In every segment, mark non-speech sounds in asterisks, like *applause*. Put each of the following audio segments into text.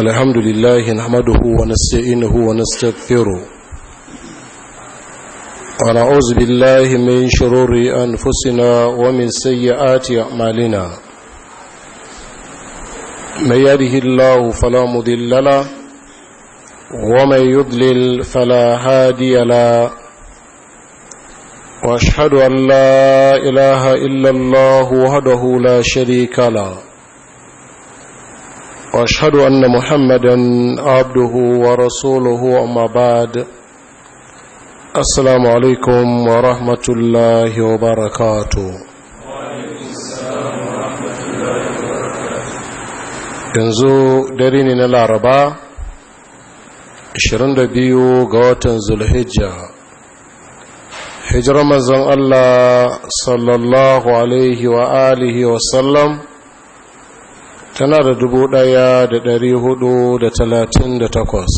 الحمد لله نحمده ونستعينه ونستغفره ونعوذ بالله من شرور أنفسنا ومن سيئات أعمالنا من يده الله فلا مضل له ومن يضلل فلا هادي له واشهد ان لا اله الا الله وحده لا شريك له واشهد ان محمدا عبده ورسوله اما بعد السلام عليكم ورحمه الله وبركاته yanzu dare ne na laraba 22 ga watan zulhijja hijirar mazan allah sallallahu alaihi wa alihi wasallam tana da dubu ɗaya da dari hudu da talatin da takwas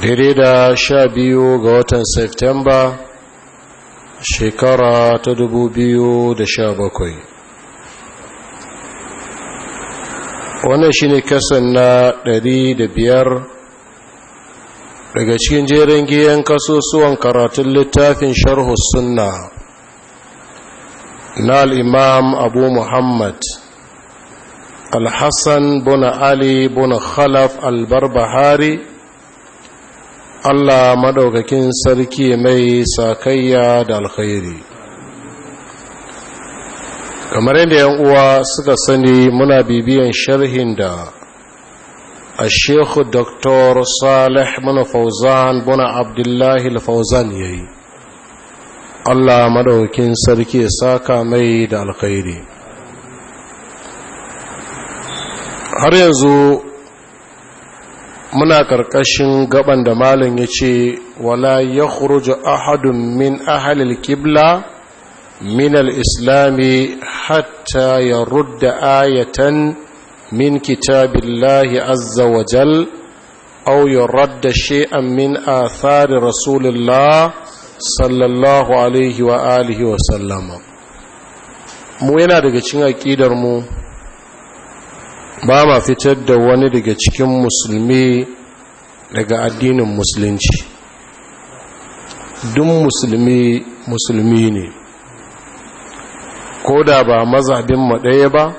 daidai da sha biyu ga watan septemba shekara ta dubu biyu da sha bakwai wannan shine kasan na dari da biyar daga cikin jerin giyan kasusuwan karatun littafin sharhu sunna na al'imam abu muhammad alhassan buna ali buna khalaf albarbahari allah maɗaukakin sarki mai sakayya da alkhairi kamar yadda yan uwa suka sani muna bibiyan sharhin da a shekhu dr salih muna fauzan buna abdullahi fauzan ya yi Allah madaukin sarki ya saka mai da alkhairi har yanzu muna karkashin gaban da malin ya ce wala ya khuruju ahadun min ahalil kibla min islami hatta ya rudda ayatan min kitabillahi azza wa jal au ya radda shay'an min athari rasulillah sallallahu alaihi wa alihi wa sallama mu yana daga cikin aƙidar mu ba ma fitar da wani daga cikin musulmi daga addinin musulunci duk musulmi musulmi ne ko da ba mazabin maɗaya ba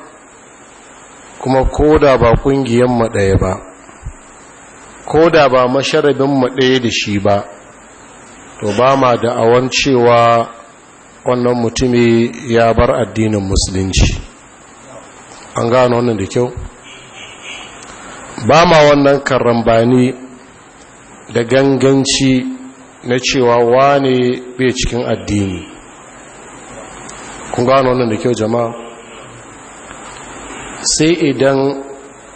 kuma ko da ba ƙungiyan maɗaya ba ko da ba masharabin maɗaya da shi ba to ba ma awon cewa wannan mutumi ya bar addinin musulunci an gano wannan da kyau ba ma wannan karambani da ganganci na cewa wane bai cikin addini kun gano wannan da kyau jama'a sai idan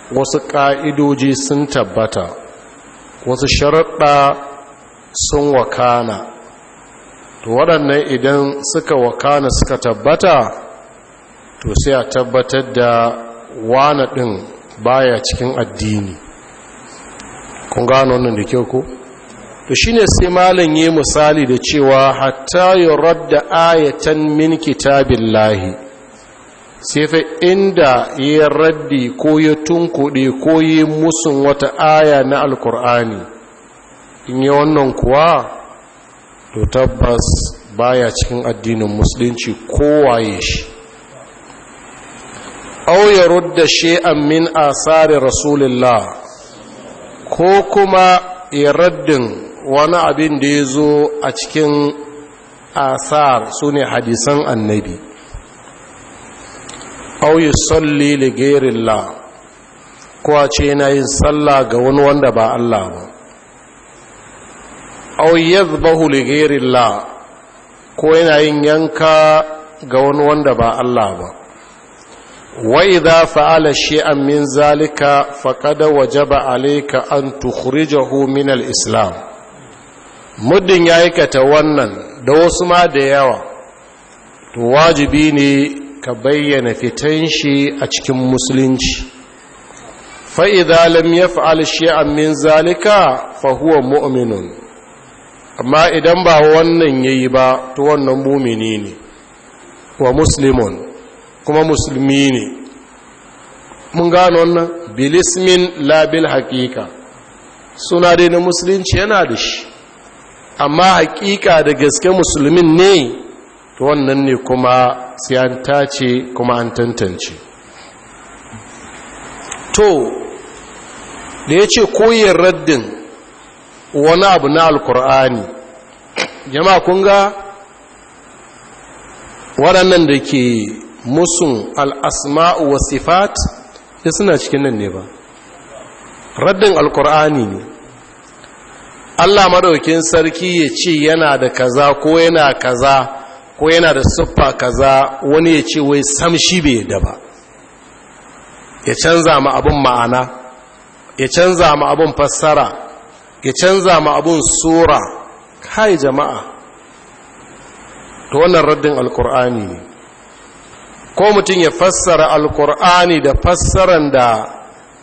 wasu ƙa'idoji sun tabbata wasu sharaɗa sun wakana to waɗannan idan suka wakana suka tabbata to sai a tabbatar da wana ɗin baya cikin addini kun gano wannan da kyau ko to shine sai malam yi misali da cewa hatta yuradda ayatan min kitabillahi sai fa inda ya raddi ko ya tunkuɗe ko yi musun wata aya na alkur'ani in yi wannan kuwa to tabbas baya cikin addinin musulunci kowaye shi ya rudda she'an min tsari rasulillah ko kuma ya raddin wani abin da ya zo a cikin asar su ne hadisan annabi auyi salli ligerillah ko a ce yana yin sallah ga wani wanda ba Allah ba auyaz yadhbahu li ghayrillah ko yana yin yanka ga wani wanda ba Allah ba wa idza fa'ala shay'an min zalika waje ba alaika an tukhrijahu min islam muddin ya aikata wannan da wasu ma da yawa to wajibi ne ka bayyana fitan shi a cikin musulunci fa idza lam yaf'al shay'an min zalika fa huwa mu'minun amma idan ba wannan yayi ba to wannan mumini ne wa muslimun kuma musulmi ne mun gano wannan bilismin labil haƙiƙa suna dai na musulunci yana da shi amma haƙiƙa da gaske musulmin ne to wannan ne kuma sai ce kuma an tantance to da ya ce koyin raddin wani abu na alkur'ani jama'a kun ga waɗannan da ke musun al'asma'u wa sifat da suna cikin nan ne ba raddin alkur'ani ne allah maɗaukin sarki ya ce yana da kaza ko yana kaza ko yana da siffa kaza wani ya ce wai sam shi bai da ba ya canza ma abin ma'ana ya canza ma abin fassara ya canza ma abun sura kai jama'a to wannan raddin alkur'ani ne ko mutum ya fassara alkur'ani da fassaran da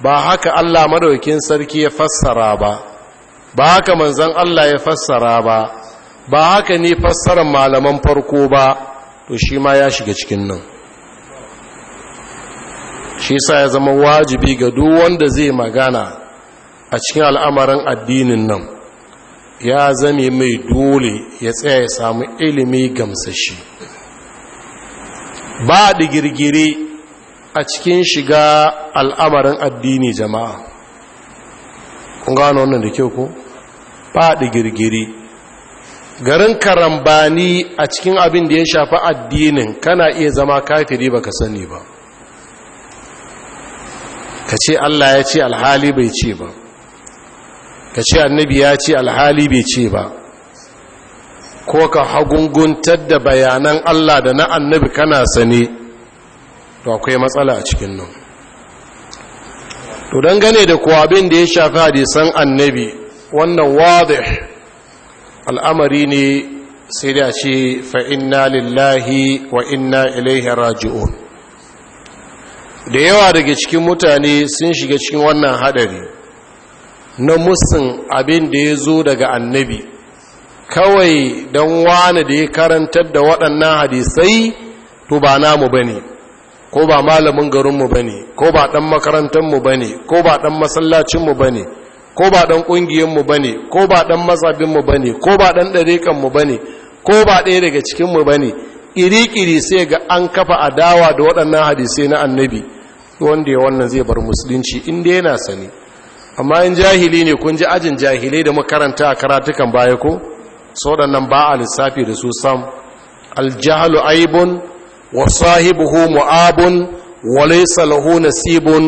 ba haka Allah madaukin sarki ya fassara ba ba haka manzon Allah ya fassara ba ba haka ne fassaran malaman farko ba to shi ma ya shiga cikin nan shi sa ya zama wajibi ga duk wanda zai magana a cikin al'amarin addinin nan ya zame mai dole ya tsaya ya samu ilimi gamsashi ba da girgire a cikin shiga al'amarin addini jama'a kun gano wannan da kyau ko ba da girgire garin karambani a cikin abin da ya shafi addinin kana iya zama kafiri baka sani ba ka ce Allah ya ce alhali bai ce ba ka ce annabi ya ce alhali bai ce ba ko ka hagunguntar da bayanan Allah da na annabi kana sane to akwai matsala a cikin nan to dangane da kuwa abin da ya shafi hadisan annabi wannan wadih al'amari ne sai da ce fa'inna lillahi wa inna ilaihi raji'un da yawa daga cikin mutane sun shiga cikin wannan hadari na musun abin da ya zo daga annabi kawai don wani da ya karantar da waɗannan hadisai to ba namu ba ne ko ba malamin garinmu ba ne ko ba ɗan makarantarmu ba ne ko ba ɗan masallacinmu ba ne ko ba ɗan ƙungiyarmu ba ne ko ba ɗan mazabinmu ba ne ko ba ɗan ɗarekanmu ba ne ko ba ɗaya daga cikinmu ba ne ƙiri sai ga an kafa adawa da waɗannan hadisai na annabi wanda ya wannan zai bar musulunci inda yana sani amma in jahili ne kun ji ajin jahilai da makaranta a karatukan baya ko waɗannan ba a lissafi da su sam aljahalu aibun wa sahibuhu mu'abun wa laysa lahu nasibun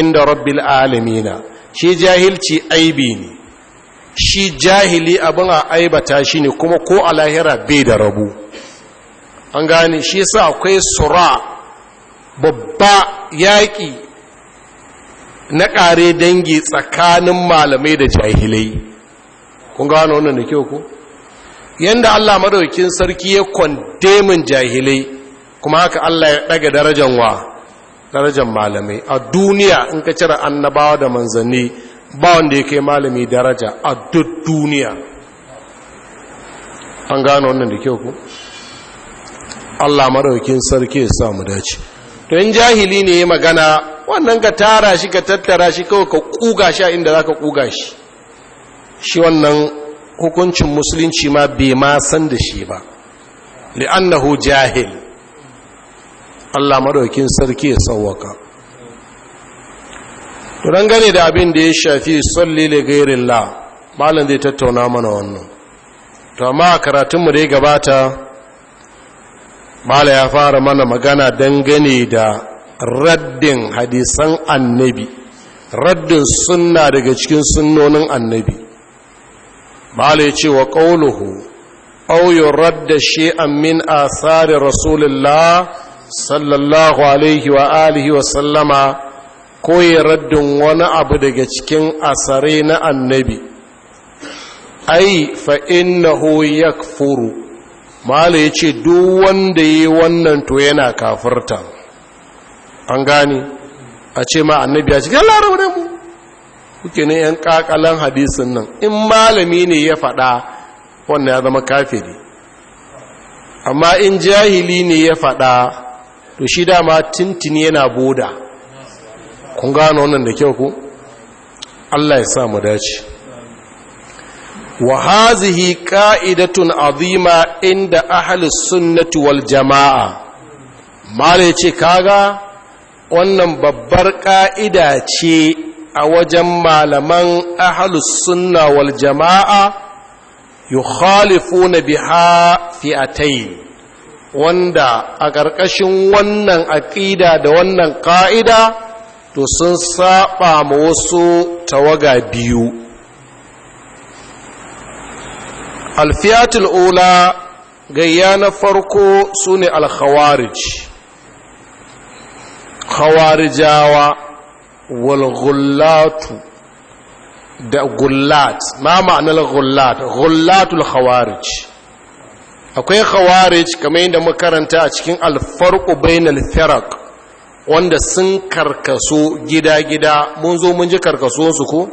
inda rabbil alamina shi jahilci aibi ne shi jahili abin a aibata shi ne kuma ko a lahira bai da rabu an gane shi sa akwai sura babba yaƙi na ƙare dangi tsakanin malamai da jahilai kun wani wannan da kyau ku yadda allah madaukin sarki ya kwandemin jahilai kuma haka allah ya ɗaga darajan wa darajan malamai a duniya in ka cire annabawa da manzanni ba wanda ya kai malami daraja a duk duniya an gano wannan da kyau ku allah madaukin sarki ya samu dace to in jahili ne ya magana wannan ka tara shi ka tattara shi kawai ka kuga shi a inda za ka kuga shi shi wannan hukuncin musulunci ma bai ma san da shi ba li'annahu jahil Allah maraukin sarki ya sauwaka to gane da abin da ya shafi salli gairin la, malam zai tattauna mana wannan to amma karatun mu da ya gabata mala ya fara mana magana dangane da raddin hadisan annabi raddin sunna daga cikin sunnonin annabi mala ya ce wa ƙauluhu auyin radda shi shi'an min tsarin rasulullah sallallahu alaihi wa alihi wa sallama ko yi raddin wani abu daga cikin asare na annabi ai fa innahu yakfuru mala ya ce duk wanda yi wannan to yana kafirta an gani a ce ma annabi ya cikin larabar mu kuke ne yan kakalan hadisin nan in malami ne ya faɗa wannan ya zama kafiri amma in jahili ne ya faɗa to shi dama tintini yana boda kun gano wannan da kyau ku Allah ya sa mu dace wa hazihi ka'idatun azima inda ahli sunnati wal jama'a mala kaga wannan babbar ƙa'ida ce a wajen malaman ahlus sunna wal jama'a na biha fi'atayn wanda a ƙarƙashin wannan aƙida da wannan ƙa'ida to sun saba ma wasu tawaga biyu alfiyatul ula gayya na farko su ne alkhawarij khawarijawa walgullatu da gullat ma ma'anar gullat gullatul khawarij akwai khawarij kamar da makaranta a cikin alfarƙo bainal firak wanda sun karkaso gida-gida mun zo mun ji karkaso su ko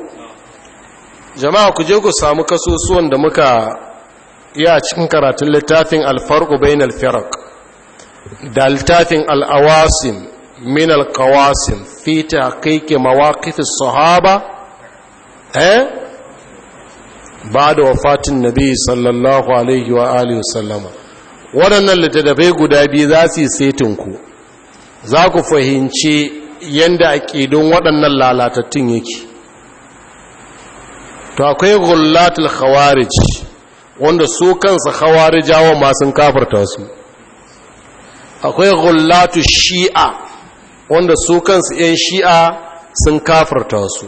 jama'a ku je ku samu kasusuwan da muka ya cikin karatun littafin alfarku bayan alfirak da littafin al'awasin, min alkawasin fi taqiqi mawakifin sahaba eh ba da wafatin nabi sallallahu alaihi wa Aliyu wasallama waɗannan littattafai guda biyu za su yi setinku za ku fahimci yadda a aƙidun waɗannan lalatattun yake to akwai gullatul khawarij wanda su kansa khawarijawa ma sun kafarta su akwai gulatu shi'a wanda su kansu 'yan shi'a sun kafarta su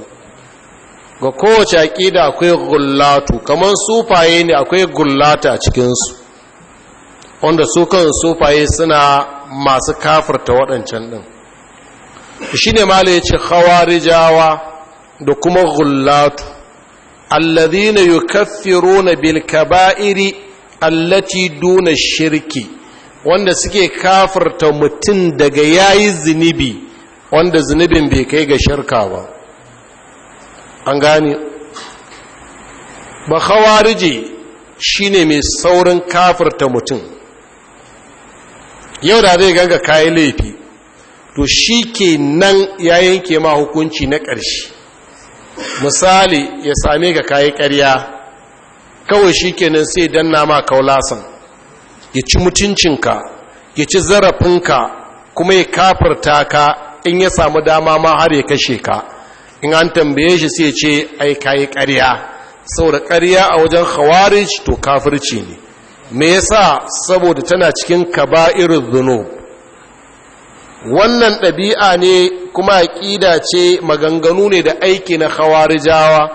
ga kowace aƙida akwai gullatu kamar sufaye ne akwai gullata a cikinsu wanda su kan sufaye suna masu kafarta waɗancan ɗin shi ne ma ya ce jawa da kuma gullatu alladhina yukaffiruna bil kaba'iri allati duna shirki wanda suke kafirta mutum daga yayi zunubi wanda zunubin bai kai ga shirka ba an gane ba khawarije shine mai saurin kafirta mutum yau da zai ganga kayi laifi to shi ke nan ya yanke ma hukunci na ƙarshe misali ya same ga kayi ƙarya kawai shi kenan sai danna ma kaulasan ya ci mutuncinka ya ci zarafinka kuma ya kafarta ka in ya samu dama ma har ya kashe ka in an tambaye shi sai ce ai kayi ƙarya saboda ƙarya a wajen khawarij to kafirci ne me yasa saboda tana cikin kaba'ir zunub wannan ɗabi'a ne kuma aƙida ce maganganu ne da aiki na jawa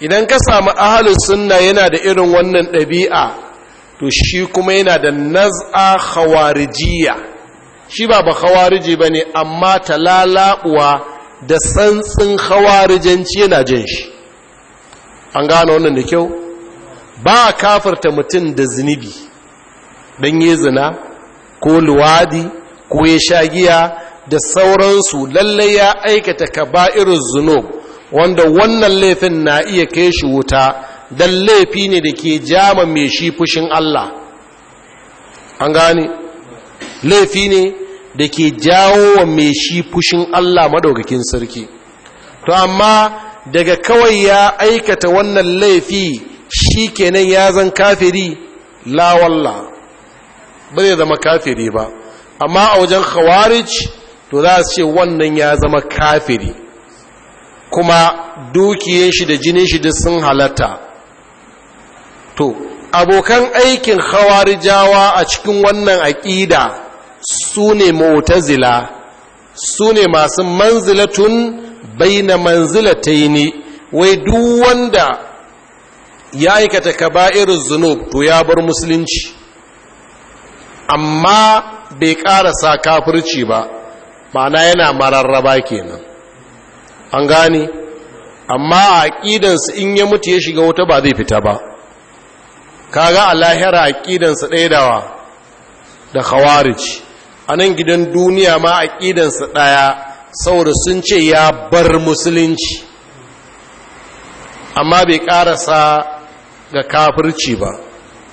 idan ka samu ahalus sunna yana da irin wannan ɗabi'a to shi kuma yana da naz'a hawarijiya. shi ba ba hawariji ba ne amma ta lalabuwa da santsin hawarijanci yana jin shi an gano wannan da kyau ba a kafarta mutum da zunubi don yi zina ko luwadi ko ya sha da sauransu lallai ya aikata kabairin zunub wanda wannan laifin na iya kai shi wuta don laifi ne da ke jama mai shi fushin Allah an gane laifi ne da ke jawo wa mai shi fushin Allah maɗaukakin sarki to amma daga kawai ya aikata wannan laifi shi kenan ya zan kafiri la ba zai zama kafiri ba amma a wajen khawarij to za su ce wannan ya zama kafiri kuma dukiyen shi da jinin shi da sun halatta to abokan aikin khawarijawa a cikin wannan aƙida su ne mutazila su ne masu manzilatun baina manzilataini wai duk wanda ya aikata kaba'irul zunub to ya bar musulunci amma bai ƙarasa kafirci ba ma'ana yana mararraba kenan an gani. amma a aƙidansu in ya mutu ya shiga wuta ba zai fita ba kaga a lahira ƙidansu ɗaya dawa da khawarici a nan gidan duniya ma a ƙidansu ɗaya saboda sun ce ya bar musulunci amma bai ƙarasa ga kafirci ba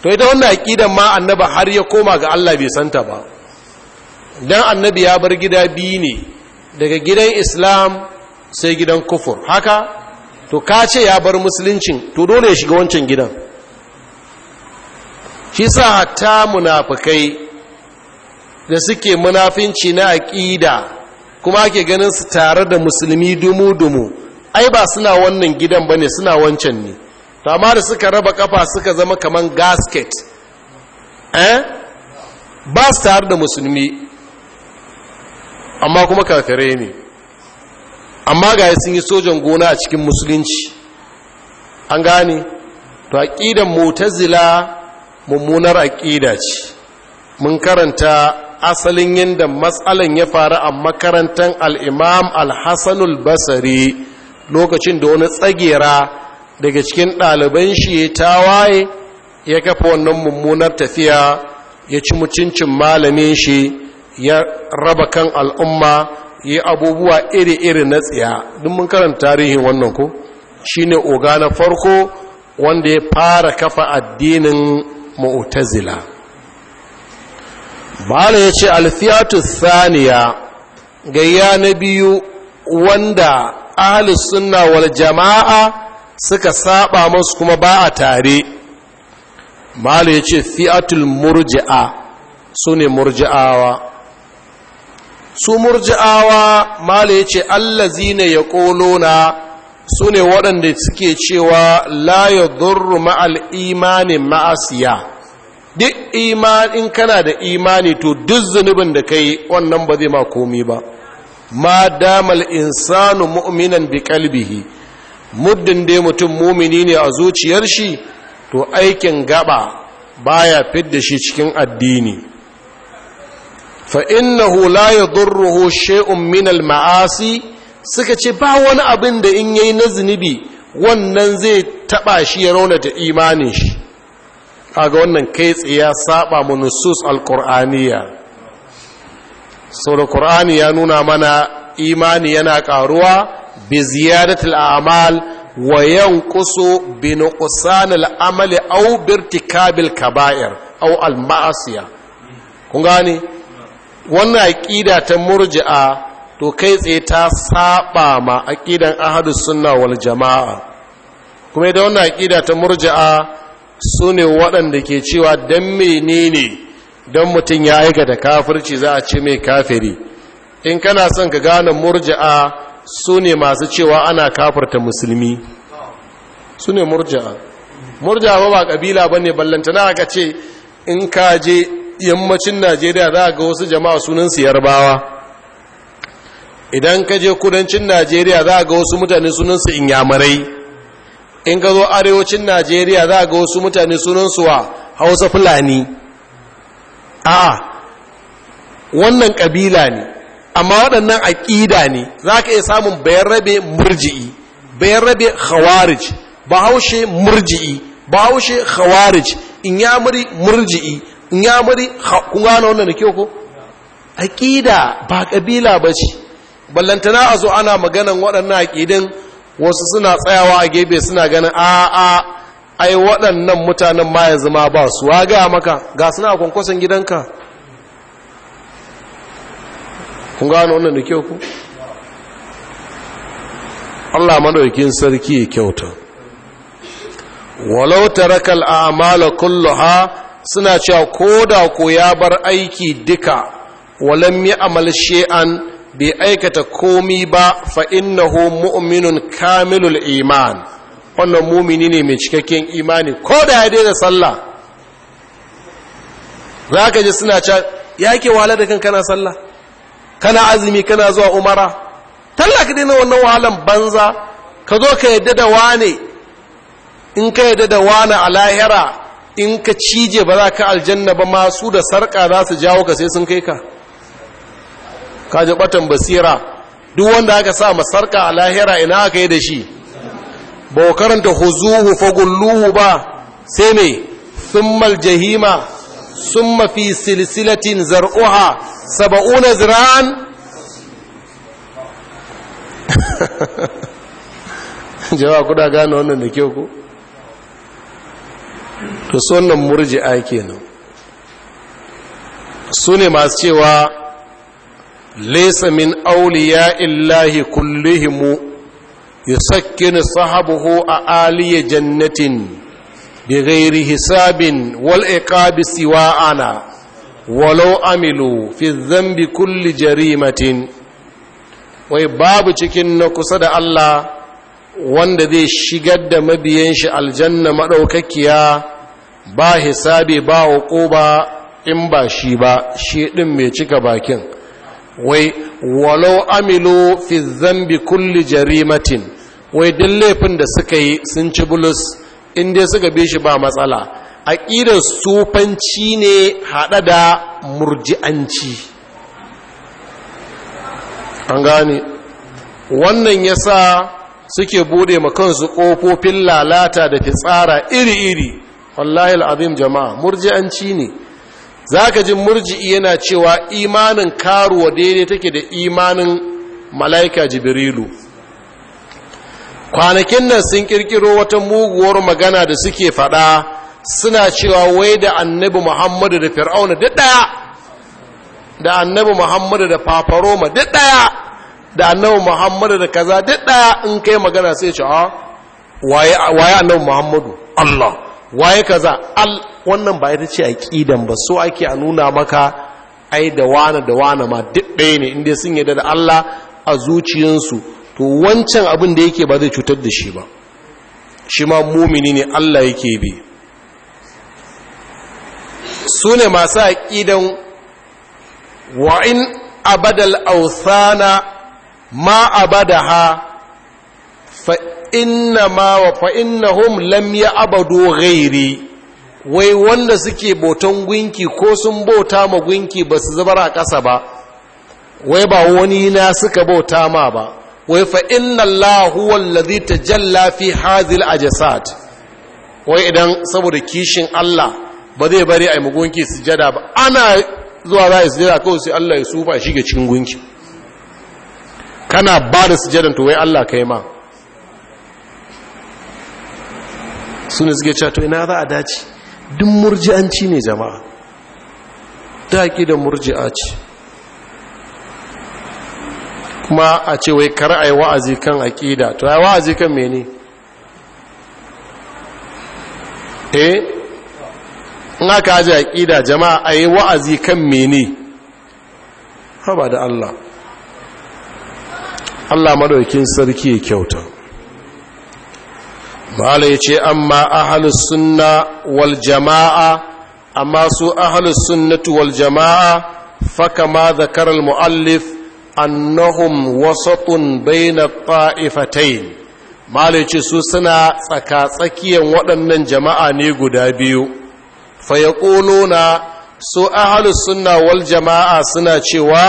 to ita wannan aƙidan ma annaba har ya koma ga Allah bai santa ba Idan annabi ya bar gida biyu ne daga gidan islam sai gidan kufur haka to ka ce ya bar musuluncin to dole ya shiga wancan gidan shi sa hatta munafikai da suke munafinci na aƙida kuma ake ganin su tare da musulmi dumu-dumu ai ba suna wannan gidan ba ne suna wancan ne to amma da suka raba kafa suka zama kaman gasket eh ba su tare da musulmi amma kuma kakare ne amma ga sun yi sojan gona a cikin musulunci an gane to aƙidan mutazila mummunar aƙida ce mun karanta asalin yadda matsalan ya faru a makarantar al'imam al-hassanul basari lokacin da wani tsagera daga cikin ɗaliban shi ya tawaye ya kafa wannan mummunar tafiya ya ci mutuncin malamin shi ya raba kan al'umma ya abubuwa iri-iri na tsiya duk mun karanta tarihin wannan ko shine oga na farko wanda ya fara kafa addinin mu'tazila bala ya ce alfiyatu saniya gayya na biyu wanda ahli sunna wal jama'a suka saba musu kuma ba a tare bala ya ce fi'atul murji'a su ne murji'awa su murji'awa mala ya Allah zina ya ƙolona su ne waɗanda suke cewa la ya zurru ma'al imanin ma'asiya duk imanin kana da imani to duk zunubin da kai wannan ba zai ma komi ba ma damal insanu mu'minan bi kalbihi muddin dai mutum mumini ne a zuciyar shi to aikin gaba baya fidda shi cikin addini fa innahu la yadurruhu shay'un min ma'asi suka ce ba wani abin da in yayi na zunubi wannan zai taba shi ya raunata imanin shi kaga wannan kai tsaye saba mu nusus alqur'aniya saboda qur'ani ya nuna mana imani yana karuwa bi ziyaratil a'mal wa yanqusu bi nuqsan al-amali aw bi kaba'ir aw al-ma'asiya kun gane wannan aƙida ta murji'a to kai tsaye ta saba ma aƙidan ahadu sunna wal jama'a kuma da wannan aƙida ta murji'a su ne waɗanda ke cewa don menene don mutum ya aika da kafirci za a ce mai kafiri in kana son ka gane murji'a su ne masu cewa ana kafirta musulmi su ne murji'a murji'a ba ƙabila ba ne ballantana aka ce in ka je yammacin najeriya za ga wasu jama'a sunansu yarbawa idan ka je kudancin najeriya za ga wasu mutane sunansu inyamurai in ka zo arewacin najeriya za ga wasu mutane sunansu wa hausa fulani a wannan ƙabila ne amma waɗannan aƙida ne za ka iya samun bayan rabe murji'i bayan rabe khawarij bahaushe murji'i bahaushe khawarij inyamuri murji'i in ya muri kun gano wannan da kyau ko aqida ba ƙabila ba ce ballantana a zo ana maganan waɗannan aƙidin wasu suna tsayawa a gefe suna ganin a a ai waɗannan mutanen ma yanzu ma ba su wa gaya maka ga suna a kwankwason gidanka kun gano wannan da kyau ku Allah madaukin sarki ya kyauta walau tarakal a'mala kulluha suna cewa ko da ko ya bar aiki duka walam ya amal she'an bai aikata komi ba fa innahu mu'minun kamilul iman wannan mumini ne mai cikakken imani ko da ya daina sallah za ka ji suna cewa ya ke wahala da kan kana sallah kana azumi kana zuwa umara talla ka daina wannan wahalan banza ka zo ka yadda da wane in ka yadda da wane a lahira in ka cije ba za ka aljanna ba masu da sarƙa za su jawo ka sai sun kai ka Ka ji batan basira duk wanda aka sa ma sarƙa a lahira ina aka yi da shi ba wa karanta huzuhu fagulluhu ba sai mai summal jahima sun mafi silsilatin zar'uha saba'una zira'an *laughs* jawa kuda gane wannan da kyau ku to sunan murji'a kenan su ne masu cewa laysa min awliya illahi kullihimu yusakkinu sahabuhu a aliya jannatin gairi hisabin wal iqabi siwa ana walau amilu fi dhanbi kulli jarimatin wai babu cikin na kusa da Allah wanda zai shigar da mabiyan shi aljanna maɗaukakiya ba hisabi ba ba in ba shi ba shi ɗin mai cika bakin wai walau amilu fi zambi kulli jarimatin wai duk laifin da suka yi sun ci bulus In dai suka bi shi ba matsala aƙidar sufanci ne haɗa da murji'anci an gane wannan ya sa suke bude kansu kofofin lalata da fitsara iri-iri wallahi al’abim jama'a murji'anci ne Za ka ji murji'i yana cewa imanin karuwa daidai take da imanin mala'ika jibrilu kwanakin nan sun kirkiro wata muguwar magana da suke fada suna cewa wai da annabi muhammadu da fir'auna duk daya da annabi muhammadu da fafaroma duk daya da annabi muhammadu da kaza duk daya in kai magana sai ce a ah, waye annabi muhammadu allah waye kaza al wannan ba ita ce aqidan ba so ake a nuna maka ai da wani da wani ma duk ɗaya ne inda sun yarda da Allah a zuciyansu to wancan abin da yake ba zai cutar da shi ba shi ma mumini ne Allah yake bi su ne masu wa in abadal authana ma abadaha fa inna ma wa fa innahum lam ya'budu ghairi wai wanda suke boton gunki ko sun bauta ma gunki basu su zubar a ƙasa ba wai ba wani na suka bauta ma ba wai fa inna Allah huwa allazi tajalla fi hadhil ajsad wai idan saboda kishin Allah ba zai bari ai mugunki sujada ba ana zuwa za a sujada kawai sai Allah ya sufa shi ga cikin gunki kana ba da sujadan to wai Allah kai ma su ne suke cewa to ina za a dace duk murji'anci ne jama'a ta da murji'aci kuma a ce wai kar a yi wa'azi kan aƙida to ya wa'azi kan mene eh in aka aji aƙida jama'a a yi wa'azi kan mene haba da Allah Allah madaukin sarki ya kyauta bala ya ce amma ahalus sunna wal jama'a amma su ahalus sunnatu wal jama'a faka ma zakarar mu'allif annahum wasatun baina ta'ifatain bala ya su suna tsaka-tsakiyan waɗannan jama'a ne guda biyu na su ahalus sunna wal jama'a suna cewa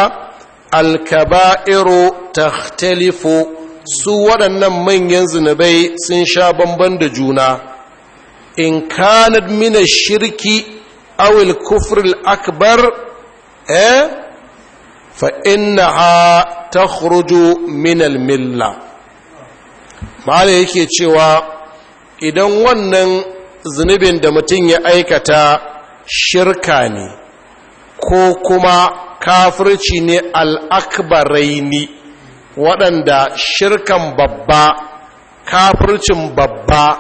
alkaba'iru tahtalifu su waɗannan manyan zunubai sun sha bamban da juna in kanad mina shirki awil kufril akbar eh fa ha ta min minal milla malai yake cewa idan wannan zunubin da mutum ya aikata shirka ne ko kuma kafirci ne al ne. waɗanda shirkan babba kafircin babba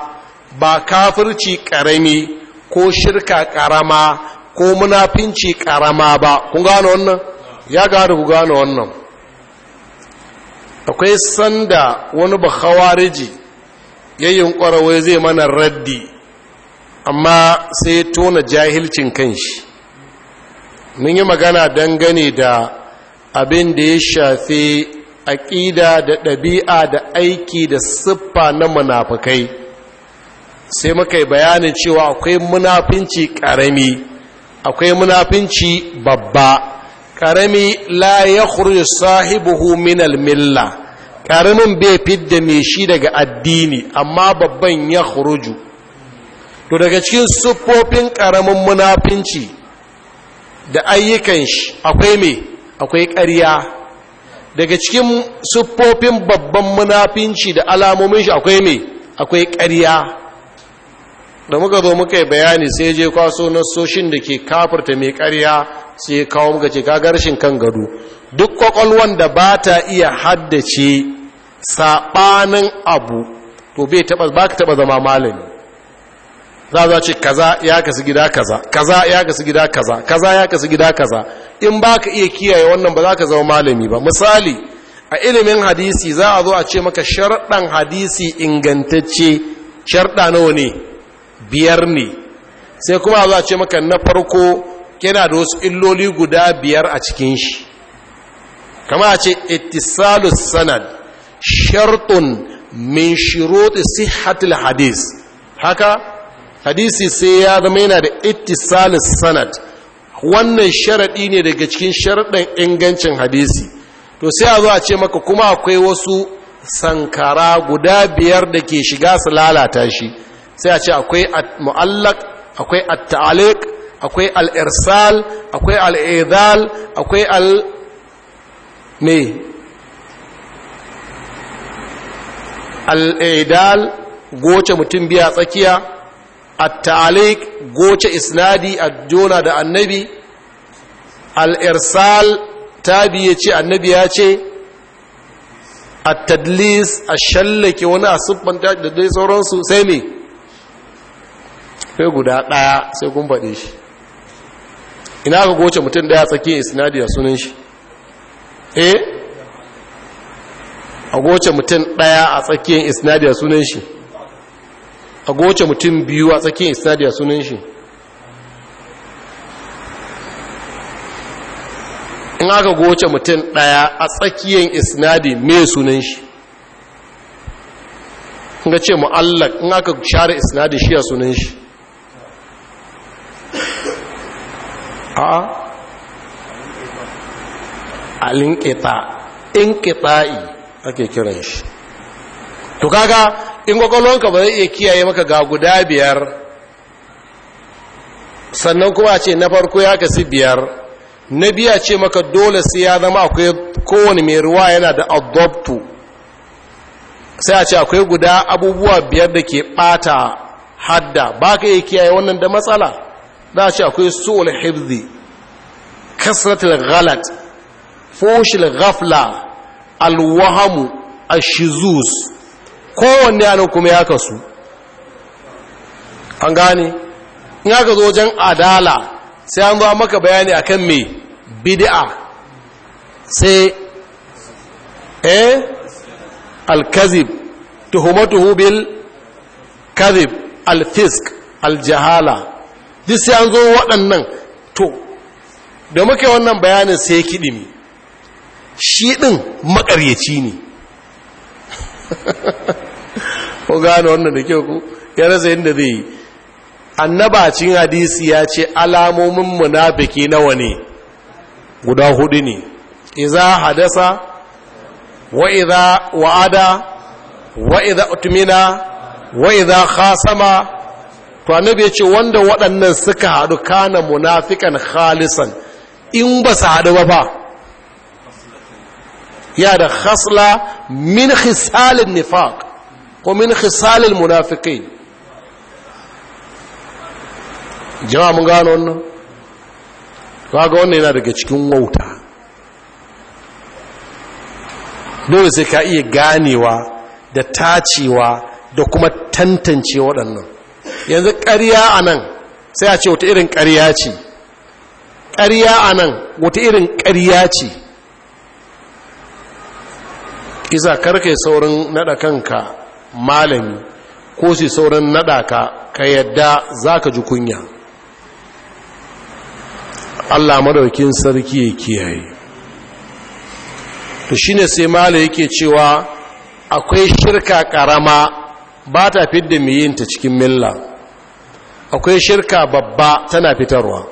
ba kafirci ƙarami ko shirka ƙarama ko munafinci ƙarama ba ku gano wannan ya gano ku gano wannan akwai sanda wani ba ya yayin wai zai mana raddi amma sai ya tona jahilcin kanshi mun yi magana dangane da abin da ya shafi aƙida da ɗabi'a da aiki da siffa na munafukai sai muka yi bayanin cewa akwai munafinci ƙarami akwai munafinci babba ƙarami la ya sahibuhu min milla ƙaramin bai fidda mai shi daga addini amma babban ya khuruju to daga cikin siffofin ƙaramin munafinci da ayyukan shi akwai me akwai ƙarya daga cikin siffofin babban munafinci da alamomin shi akwai mai akwai ƙarya da muka zo muka yi bayani sai je kwaso Soshin da ke kafarta mai ƙarya sai ya kawo muka ce kagarshin kan gado duk kwakwalwan da ba ta iya haddace saɓanin abu to bai taɓa taɓa zama malami za a ce kaza ya kasu gida kaza kaza ya kasu gida kaza kaza ya kasu gida kaza in ba ka iya kiyaye wannan ba za ka zama malami ba misali a ilimin hadisi za a zo a ce maka sharɗan hadisi ingantacce sharɗa nawa ne biyar ne sai kuma a zo a ce maka na farko yana da wasu illoli guda biyar a cikin shi kama a ce ittisalus sanad sharɗun min shiruti sihhatil hadis haka hadisi sai ya zama yana da ittisalis sanad wannan sharaɗi ne daga cikin sharadin ingancin hadisi to sai a zo a ce maka kuma akwai wasu sankara guda biyar da ke shiga su lalata shi sai a ce akwai mu'allak akwai at taliq akwai al-irsal akwai al-idhal akwai al ne al-idal goce mutum biya tsakiya التعليق taliq goce isnadi a النبي da annabi al-irsal tabi ya ce annabi ya ce at-tadlis a shallake wani a siffan da dai sauransu sai ne sai guda ɗaya ina ga goce mutum daya tsakiyar isnadi a sunan shi a goce mutum ɗaya a tsakiyar isnadi a sunan shi a goce mutum biyu a tsakiyar stadiya sunan shi in aka goce mutum ɗaya a tsakiyar isnadi mai sunan shi in ga ce mu'allak in aka share isnadi shi a sunan shi a alinkita in kita'i ake kiran shi to kaga in kwakwalwanka ba zai iya kiyaye maka ga guda biyar sannan kuma ce na farko ya kasi biyar na biya ce maka dole sai ya zama akwai kowane mai ruwa yana da adoptu sai a ce akwai guda abubuwa biyar da ke bata hadda ba ka yi kiyaye wannan da matsala za a ce akwai sol hibzi kasratul galat foshil ghafla alwahamu ashizus kowanne anan kuma ya kasu an gane in aka zo wajen adala sai an zo maka bayani akan mai bidi'a sai eh al-kazib tuhumatuhu bil kazib al-fisk al duk sai an zo waɗannan to da muke wannan bayanin sai ya kiɗimi shi ɗin maƙaryaci ne *laughs* ko gane wannan da kyau ku ya rasa yadda zai yi annabacin hadisi ya ce alamomin munafiki nawa ne guda hudu ne iza hadasa wa iza wa'ada wa iza utmina wa iza khasama to annabi ya ce wanda waɗannan suka haɗu kana munafikan khalisan in ba su haɗu ba ba ya da khasla min khisalin nifaq ko min khisalil munafiqin jama'a mun gano wannan to ga yana daga cikin wauta dole sai ka iya ganewa da tacewa da kuma tantance waɗannan yanzu ƙarya anan sai a ce wata irin ƙarya ce ƙarya anan wata irin ƙarya ce isa karkai saurin naɗa kanka malami ko su sauran naɗa ka ka yadda za ka ji kunya allah madaukin sarki ya kiyaye to shine sai Malami yake cewa akwai shirka karama ba ta fidda ta cikin milla akwai shirka babba tana fitarwa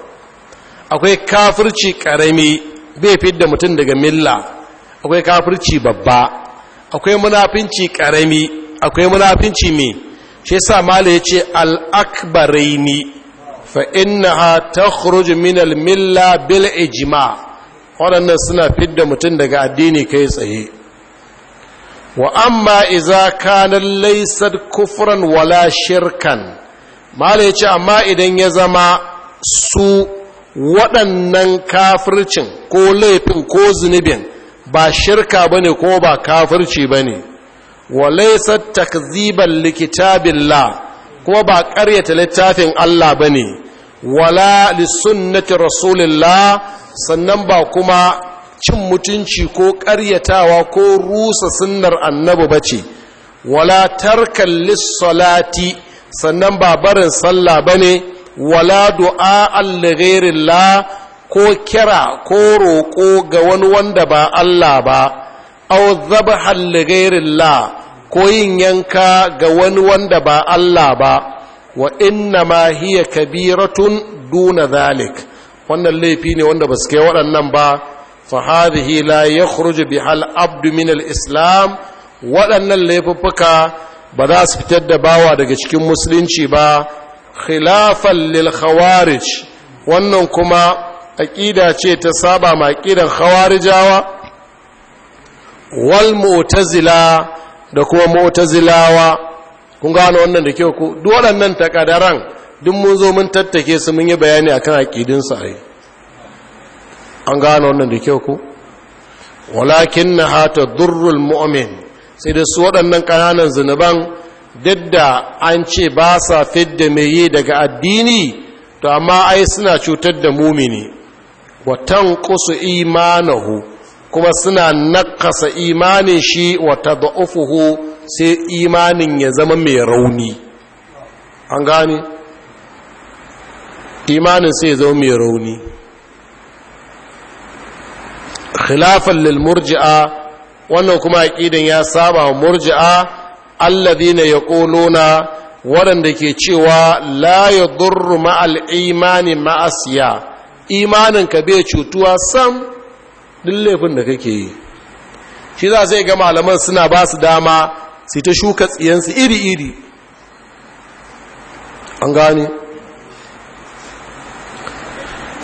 akwai kafirci karami bai fidda mutum daga milla akwai kafirci babba akwai munafinci karami akwai munafinci me shi yasa malai yace al akbaraini fa innaha takhruj min al milla bil ijma waɗannan suna fidda mutum daga addini kai tsaye wa amma iza kana laysat kufran wala shirkan malai yace amma idan ya zama su waɗannan kafircin ko laifin ko zunubin ba shirka bane ko ba kafirci bane wa laysat takziban likitabillah kuma ba ƙaryata littafin Allah ba ne. wala lisunnati rasulillah sannan ba kuma cin mutunci ko ƙaryatawa ko rusa sunnar annabi ce. wala tarkan lissalati sannan ba barin sallah ne. wala du'a al La ko kira ko roƙo ga wani wanda ba Allah ba aw dhabha al ko yin yanka ga wani wanda ba Allah ba wa inna ma hiya kabiratun duna zalik wannan laifi ne wanda ba su kai waɗannan ba fa hadhihi la yakhruju bihal abdu min al-islam waɗannan laifuffuka ba za su fitar da bawa daga cikin musulunci ba khilafan lil khawarij wannan kuma aqida ce ta saba ma aqidan khawarijawa wal mu'tazila da kuma motazilawa kun gano wannan da kyau ku? duk waɗannan takadaran duk mun zo mun tattake su mun yi bayani akan aqidin su ai an gano wannan da kyau ko walakinnaha tadurrul mu'min sai da su waɗannan ƙananan zunuban duk da an ce ba sa fidda mai yi daga addini to amma ai suna cutar da mumini watan kusu imanahu kuma suna nakasa imanin shi wata da'ufuhu sai imanin ya zama mai rauni an gane imanin sai ya zama mai rauni khilafan lil murji'a wannan kuma aqidan ya saba wa murji'a alladhina yaquluna waɗanda ke cewa la yadurru al imani ma'asiya imanin ka bai cutuwa sam duk laifin da kake yi shi za sai ga malaman suna ba su dama su ta shuka tsiyansu iri-iri an gane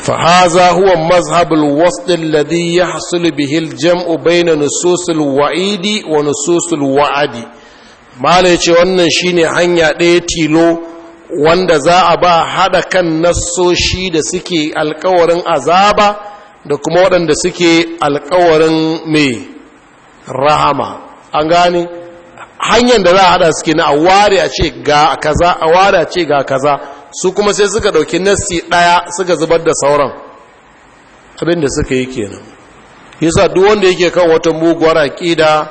فهذا هو مذهب الوسط الذي يحصل na الجمع wa’idi wa الوعيد wa’adi الوعد ما ce wannan ne hanya ɗaya tilo wanda za a ba haɗa kan nasoshi da suke alkawarin azaba da kuma waɗanda suke alkawarin mai rahama an gani. hanyar da za a hada suke na a ware a ce ga kaza a ware a ce ga kaza su kuma sai suka ɗauki nassi ɗaya suka zubar da sauran abinda suka yi kenan yasa duk wanda yake kan wata muguwar aƙida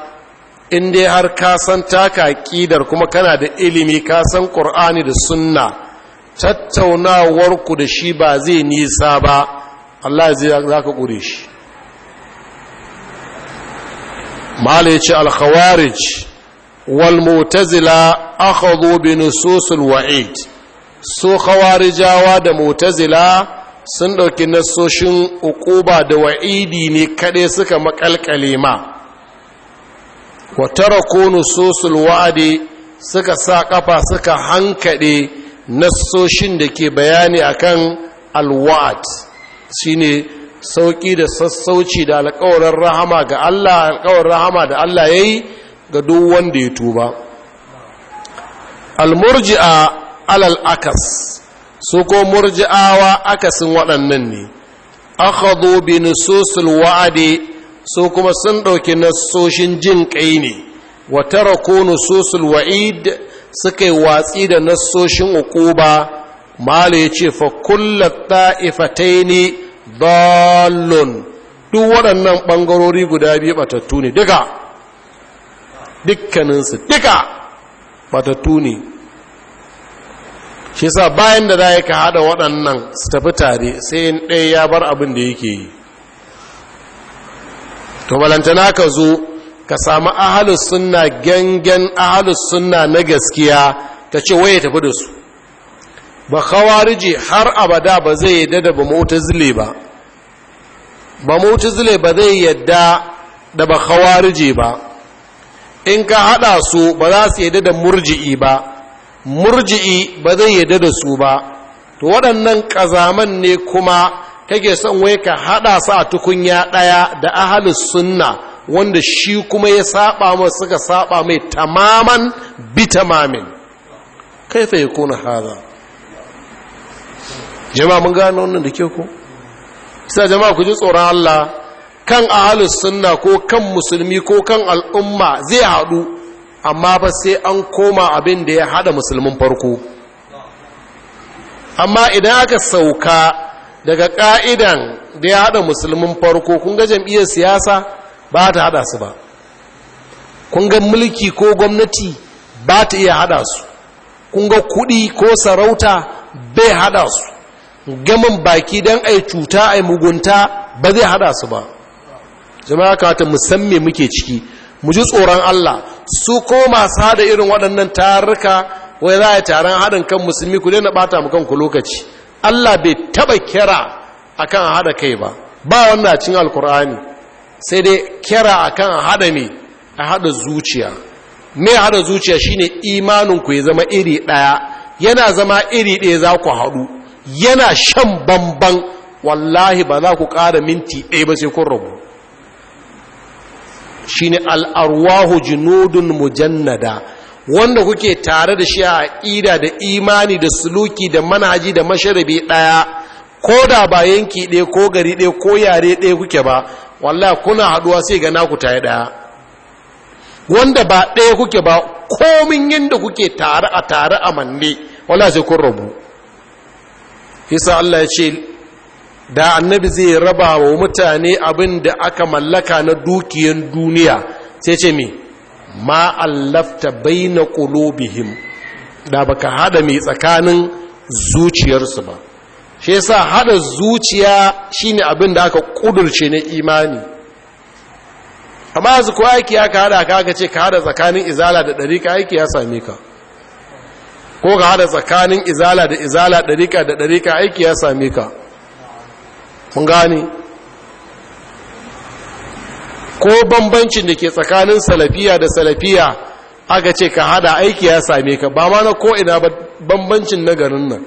in dai har ka san taka aƙidar kuma kana da ilimi ka san ƙur'ani da sunna tattaunawarku da shi ba zai nisa ba Allah zai za ka ƙure shi mala ya ce alkhawarij walmotazila akhadhu bi nususul wa'id su khawarijawa da mutazila sun ɗauki nasoshin uquba da wa'idi ne kaɗai suka makalkale ma wa taraku nususul wa'adi suka sa ƙafa suka hankade nasoshin da ke bayani akan al alwa'ad shine sauki da sassauci da alƙawarin rahama ga Allah alƙawarin rahama da Allah yayi ga duk wanda ya tuba almurji'a alal akas su ko murji'awa akasin waɗannan ne akhadhu bi nususil wa'adi su kuma sun ɗauki nasoshin jin ƙai ne wa taraku nususul wa'id suka yi watsi da nasoshin uquba mala yace fa ifatai ta'ifataini dallun duk waɗannan ɓangarori guda biyu ɓatattu ne duka dukkaninsu duka ɓatattu ne shi sa bayan da za yi ka haɗa waɗannan su tafi tare sai in ɗaya ya bar abin da yake yi to balantana ka zo ka sami ahalus sunna gangan ahalus sunna na gaskiya ta ce waye tafi da su ba khawarije har abada ba zai yi da ba mota zile ba ba mutazile ba zai yadda da ba khawarije ba in ka hada su ba za su yadda da murji'i ba murji'i ba zai yadda da su ba to waɗannan ƙazaman ne kuma kake son wai ka hada su a tukunya ɗaya da ahlus sunna wanda shi kuma ya saba mu suka saba mai tamaman bitamamin Kai kaifa yakuna hada, jama'a mun gano wannan da ke ku. sai jama'a ku ji tsoron Allah kan ahlus sunna ko kan musulmi ko kan al'umma zai haɗu amma ba sai an koma abin da ya haɗa musulmin farko amma idan aka sauka daga ƙa'idan da ya haɗa musulmin farko kun ga jam'iyyar siyasa ba ta haɗa su ba kun ga mulki ko gwamnati ba ta iya haɗa su kun ga kuɗi ko sarauta bai haɗa su gamin baki don a cuta a mugunta ba zai hada su ba jama'a kamata musamman muke ciki mu ji tsoron Allah su koma sada irin waɗannan tarurruka, wai za a taron haɗin kan musulmi ku daina ɓata mu kanku lokaci Allah bai taɓa kira akan haɗa kai ba ba wannan cin alkur'ani sai dai kira akan haɗa ne a haɗa zuciya me haɗa zuciya shine imanin ku ya zama iri ɗaya yana zama iri ɗaya za ku haɗu yana shan bamban wallahi ba za ku ƙara minti ɗaya ba sai kun rabu shi ne al'arwahu jinudun mujannada wanda kuke tare da shi a aƙida da imani da suluki da manaji da masharabi ɗaya ko da ba yanki ɗaya ko gari ɗaya ko yare ɗaya kuke ba wallahi kuna haɗuwa sai ga ku ta ɗaya wanda ba ɗaya kuke ba komin yadda kuke tare a tare a manne wallahi sai kun rabu yasa Allah ya ce da annabi zai raba wa mutane abin da aka mallaka na dukiyan duniya sai ce mi ma allafta baina qulubihim da baka hada mai tsakanin zuciyarsu ba shi yasa hada zuciya shine abin da aka kudurce na imani amma yanzu ko aiki aka hada ka aka ce ka hada tsakanin izala da dariƙa aiki ya same ka ko ka hada tsakanin izala da izala ɗariƙa da ɗariƙa aiki ya same ka mun gane ko bambancin da ke tsakanin salafiya da salafiya aka ce ka hada aiki ya same ka ba ma na ko'ina ba bambancin na garin nan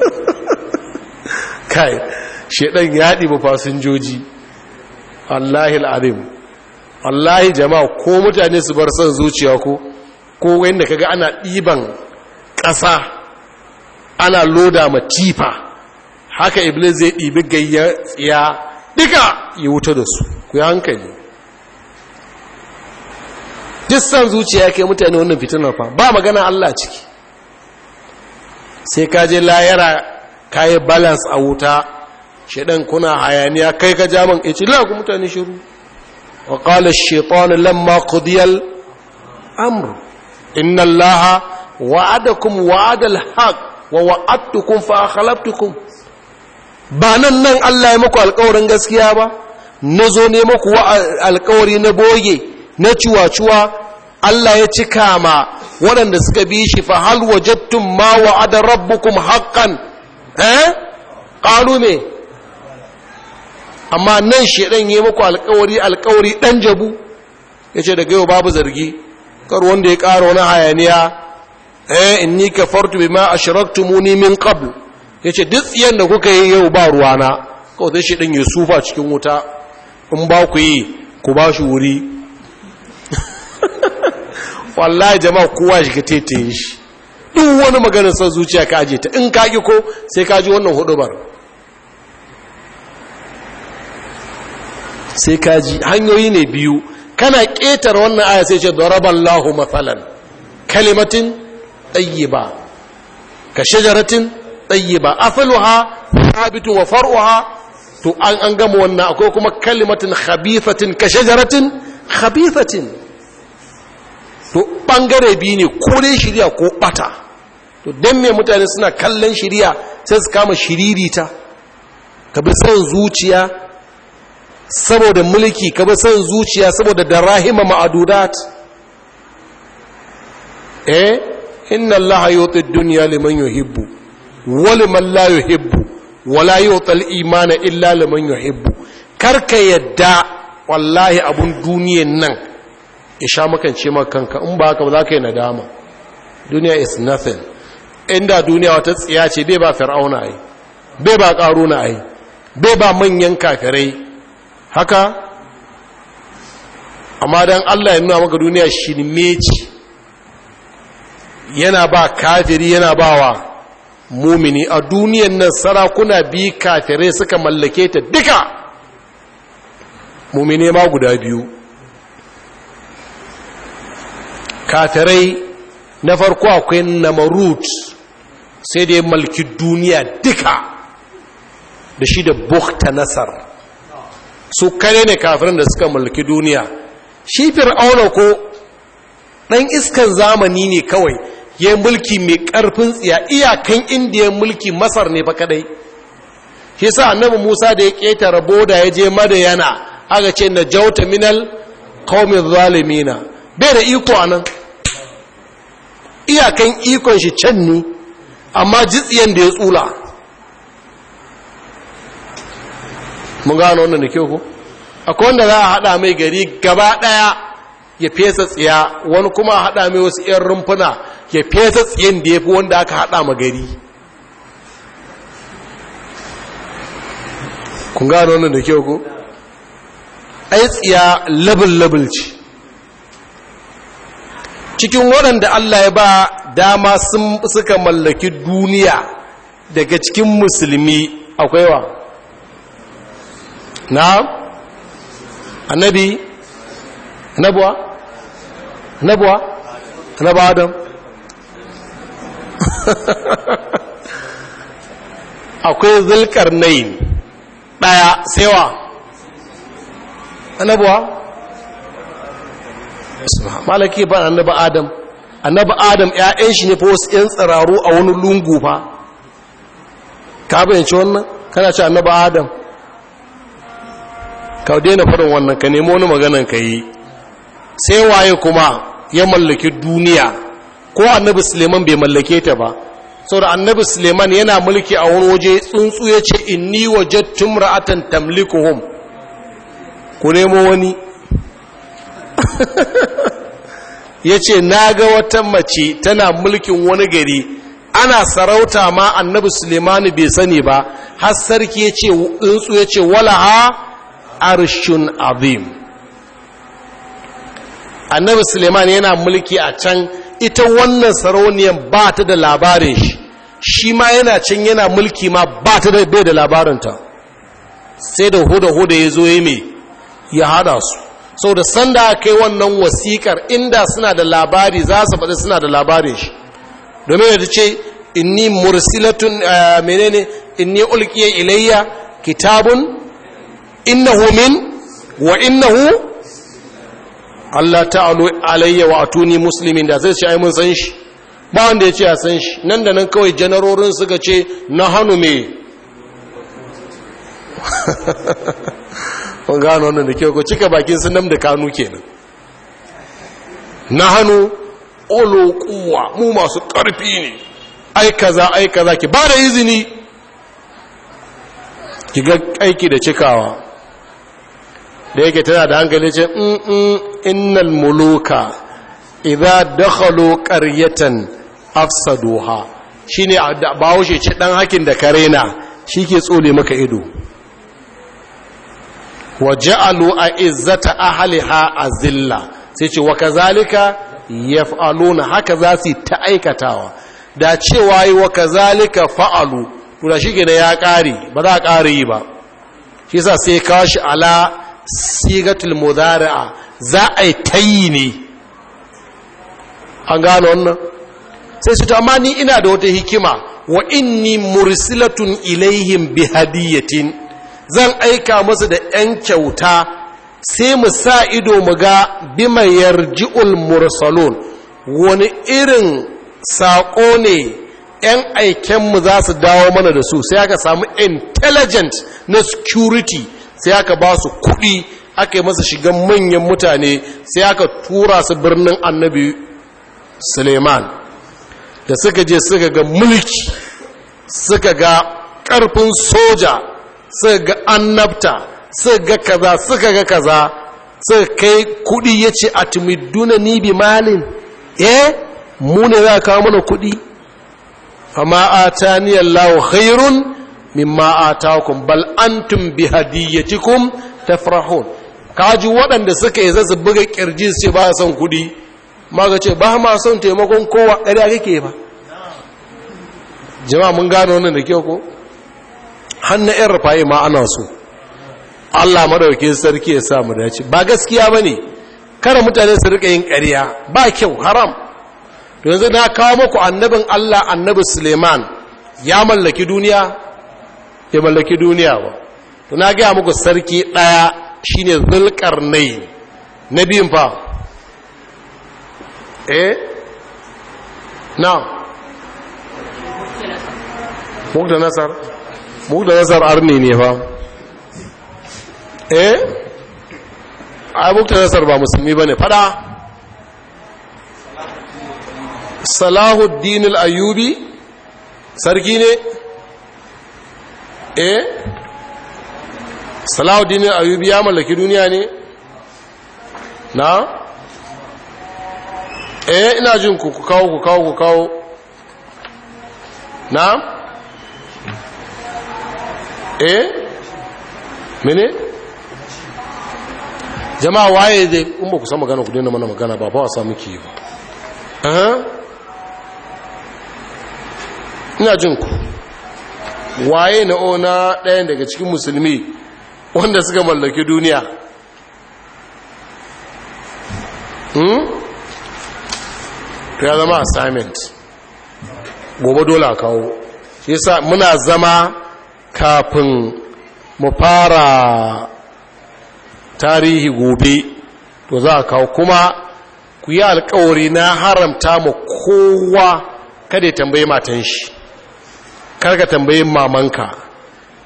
*laughs* kai shedan ya ɗiba fasinjoji allahi al'adim allahi jama'a ko mutane su bar son zuciya ko ko wanda kaga ana ɗiban ƙasa ana loda matifa, haka iblis zai ɗibi gayyar tsiya duka yi wuta da su ku yi hankali dissan zuciya ke mutane wannan fitinar fa ba magana Allah ciki sai kaje layara kayi balance a wuta ɗan kuna hayaniya kai ka ja man ici la ku mutane shiru wa ƙalar ash lamma kudiyar amru. inna allaha wa'adakum wa'adal haq wa wa'adtukum fa akhlaftukum ba nan nan Allah ya muku alƙawarin gaskiya ba nazo ne muku alƙawari na boge na ciwa-ciwa Allah ya cika ma waɗanda suka bi shi fa hal wajadtum ma wa'ada rabbukum haqqan eh qalu me amma nan shedan yayi muku alƙawari alƙawari dan jabu yace daga yau babu zargi kar wanda ya ƙara wani hayaniya eh inni kafartu bima ashraktumuni min qabl yace duk tsiyan da kuka yi yau ba ruwana kawai sai shi din yusufa cikin wuta in ba ku yi ku ba shi wuri *laughs* wallahi jama'a kowa shi ka te shi duk wani magana sa zuciya ka aje ta in ka ki ko sai ka ji wannan hudubar sai ka ji hanyoyi ne biyu kana ƙetare wannan aya sai ce daraballahu matsalan kalimatin ɗayyiba ka shajaratin ɗayyiba asaluha sabitu wa far'uha to an an gama wannan akwai kuma kalimatin khabifatin ka shajaratin khabifatin to bangare biyu ne ko dai shirya ko bata to dan me mutane suna kallon shirya sai su kama shiririta ka bi son zuciya saboda mulki ka bi son zuciya saboda darahima ma'adudat eh inna allaha yuti dunya liman yuhibbu wa liman la yuhibbu wa la yuti al-imana illa liman yuhibbu karka yadda wallahi abun duniyan nan ya sha makance maka kanka in ba haka ba za ka yi nadama duniya is nothing inda duniya wata tsiya ce bai ba fir'auna ai bai ba qaruna ai bai ba manyan kafirai haka amma don allah ya nuna maka duniya shirme ce yana ba kafiri yana ba wa mumini a duniyan nan sarakuna biyu kafirai suka mallake ta duka mumini ma guda biyu kafirai na farko akwai namarut sai dai malki duniya duka da shi da bukta nasar su kare ne kafirin da suka mulki duniya shi fir'auna ko ɗan iskan zamani ne kawai ya mulki mai ƙarfin tsiya iyakan indiya mulki masar ne ba kadai shi sa annabi musa da ya ƙetare boda ya je madayana aka ce na jauta minal qaumiz zalimina bai da iko anan iyakan ikon shi can ne amma jitsiyan da ya tsula mun gano wannan da kyau ko akwai wanda za a hada mai gari gaba daya ya fesa tsiya wani kuma a hada mai wasu yan rumfuna ya fesa tsiyan da ya fi wanda aka hada ma gari kun gano wannan da kyau ko ai tsiya labul labul ce cikin waɗanda Allah ya ba dama suka mallaki duniya daga cikin musulmi akwai wa na'am annabi nabuwa nabuwa annabi adam *laughs* akwai zulkar nayin ɗaya sewa annabuwa malaki ba annabi adam annabi adam 'ya'yan shi ne fa wasu ƴan tsiraru a wani lungu fa ka bayyance wannan kana ce annabi adam ka daina faɗin wannan ka nemo wani maganan ka yi sai waye kuma ya mallaki duniya ko annabi suleiman bai mallake ta ba saboda annabi suleiman yana mulki a wani waje tsuntsu ya ce inni wajattu tamliku tamlikuhum ku nemo wani *laughs* ya ce na ga wata mace tana mulkin wani gari ana sarauta ma annabi suleimani bai sani ba har sarki ya ce tsuntsu ya ce wala ha arshun azim annabi suleiman yana mulki a can ita wannan sarauniyar ba ta da labarin shi shi ma yana can yana mulki ma ba ta da bai da labarinta sai da huda-huda ya zo ya mai ya hada su sau da sanda aka yi wannan wasikar inda suna da labari za su faɗi suna da labarin shi domin da ce inni mursilatun eh, menene inni ulkiya ilayya kitabun innahu min wa innahu Allah ta'alu alayya wa atuni muslimin da zai ce ai mun san shi ba wanda ya a san shi nan da nan kawai janarorin suka ce na hannu me kun gano wannan da kyau ko cika bakin sun nam da kanu kenan na hannu olokuwa mu masu ƙarfi ne ai kaza ai kaza ki ba da izini ki ga aiki da cikawa da yake tana da hankali ce mm, mm, innal muluka idza dakhalu qaryatan afsaduha shine wuce ce dan hakin da karena shike tsole maka ido a waja'alu a'izzata ahliha azilla sai ce wa kazalika yaf'aluna haka za su ta aikatawa da cewa yi wa kazalika fa'alu to da shike da ya kare ba za a kare yi ba shi yasa sai kawo shi ala sigatul mudari'a za a yi tayi ne an gano wannan sai su amma ni ina da wata hikima wa inni mursilatun ilaihim bi hadiyatin zan aika masa da yan kyauta sai mu sa ido mu ga bima yarji'ul mursalun wani irin saƙo ne 'yan aikenmu za su dawo mana da su sai aka samu intelligent na security sai aka ba su kuɗi aka yi masa shigan manyan mutane sai aka tura su birnin annabi suleiman da suka je suka ga mulki suka ga ƙarfin soja suka ga annabta suka ga kaza suka ga kaza suka kai kuɗi ya ce a tumiduna ni bi malin eh mu za za kawo mana kuɗi fama a taniyar lawo hairun. mimma atakum bal antum bi hadiyatikum tafrahun kaji waɗanda suka yi zasu buga kirji su ba son kudi maga ce ba ma son taimakon kowa ƙarya kake ba jama'a mun gano wannan da ke ko hannu yan rufaye ma ana so Allah madauke sarki ya sa mu dace ba gaskiya bane kada mutane su rika yin ƙarya ba kyau haram to yanzu na kawo muku annabin Allah annabi Suleiman ya mallaki duniya bai mallaki duniya ba to na gaya muku sarki ɗaya shine nai na biyun fa eh na mukda nasar mukda nasar arni ne fa eh ai mukda nasar ba musulmi bane fada salahuddin al-ayubi sarki ne eh salahuddin ayyubi ya mallaki duniya ne na eh ina jin ku kawo ku kawo ku kawo na eh mene jama'a waye zai in ba ku san magana ku daina mana magana ba fa samun muke yi ba ina jin ku waye na ona ɗayan daga cikin musulmi wanda suka mallaki duniya hmm? ya zama assignment gobe dole a kawo yasa muna zama kafin mu fara tarihi gobe to za a kawo kuma ku yi alkawari na haramta mu kowa kada ya tambaye matan shi kar ka mamanka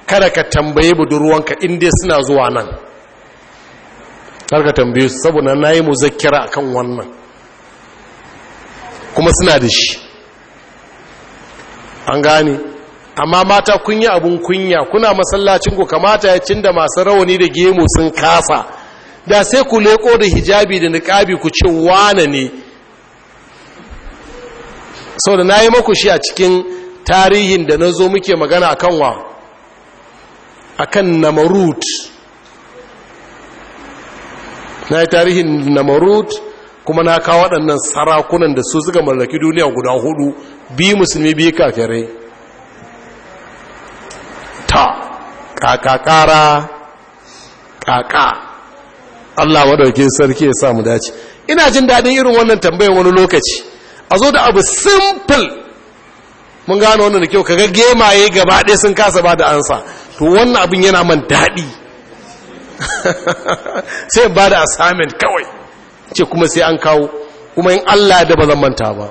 kada ka tambayi budurwanka inda suna zuwa nan kar ka tambaye su saboda na yi muzakkira akan wannan kuma suna da shi an gane amma mata kun yi abun kunya kuna masallacin ku kamata ya cin da masu rawani da gemu sun kasa da sai ku leko da hijabi da niƙabi ku ce wane ne sau da na yi maku shi a cikin tarihin da na zo muke magana akan wa akan namarut na yi tarihin namarut kuma na kawo waɗannan sarakunan da su suka mallaki duniya guda hudu bi musulmi bi kafirai ta kakakara kaka Allah madaukin sarki ya samu dace ina jin daɗin irin wannan tambayar wani lokaci a zo da abu simple mun gano wannan da kyau kaga gemaye gaba ɗaya sun kasa ba da ansa to wannan abin yana man daɗi *laughs* sai ba da assignment kawai ce kuma sai an kawo kuma in Allah da ba zan manta ba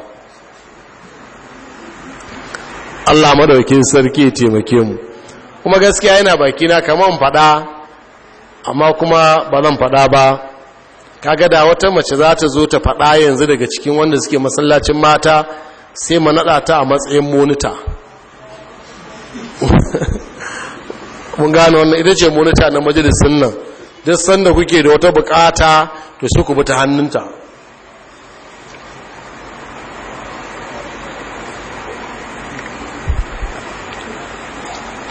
Allah madaukin sarki ya taimake mu kuma gaskiya yana baki na kamar faɗa amma kuma ba zan faɗa ba kaga da wata mace za ta zo ta faɗa yanzu daga cikin wanda suke masallacin mata sai ma naɗa ta a matsayin monita mun gano wannan ita ce monita na majalisun nan duk sanda kuke da wata bukata to su ku bi ta hannunta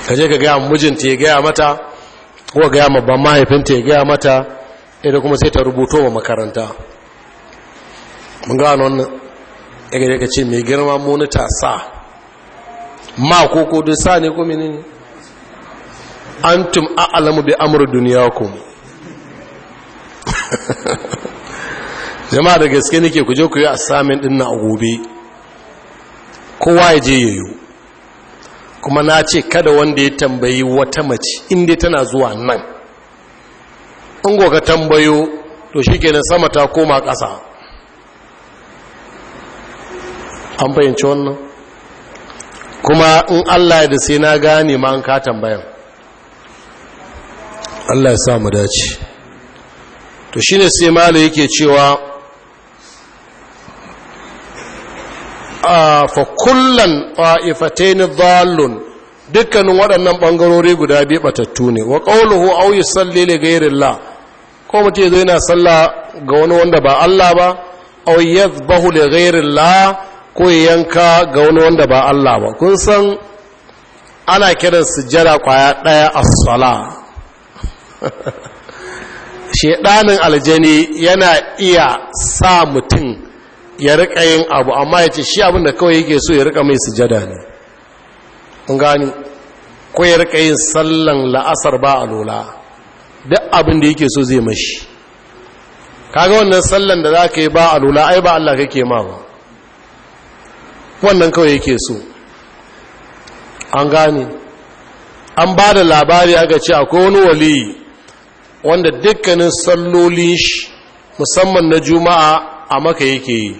kaje ka gaya mijinta ya gaya mata ko gaya mabban mahaifinta ya gaya mata ita kuma sai ta rubuto wa makaranta mun gano wannan daga daga ce mai girma monita sa ma ko ko sa ne ko menene antum a'lamu bi duniya ku *laughs* jama'a da gaske nake ku je ku yi assignment din na gobe kowa ya je yayo kuma na ce kada wanda ya tambayi wata mace inda tana zuwa nan in ka tambayo to shikenan sama ta koma ƙasa an fahimci wannan kuma in allah ya da sai na gane ma an ka bayan. allah ya sa mu dace to shine sai malo yake cewa fa kullan fa'ifatain dhallun dukkanin waɗannan bangarori guda biyu batattu ne wa qawluhu aw yusalli li la? ko mutum zai yana sallah ga wani wanda ba Allah ba aw yadhbahu li la? ko yanka ga wani wanda ba Allah ba kun san ana kiran sujjada kwaya ɗaya a sala *laughs* shedanin aljani yana iya sa mutum ya rika yin abu amma ya shi abin da kawai yake so ya rika mai sujjada ne kun gani ko ya rika yin sallan la'asar ba a duk abin da yake so zai mashi kaga wannan sallan da za ka yi ba a lola ai ba Allah kake ma ba wannan kawai yake so an gane an ba da labari aka ce akwai wani wali wanda dukkanin sallolin shi musamman na juma'a a maka yake yi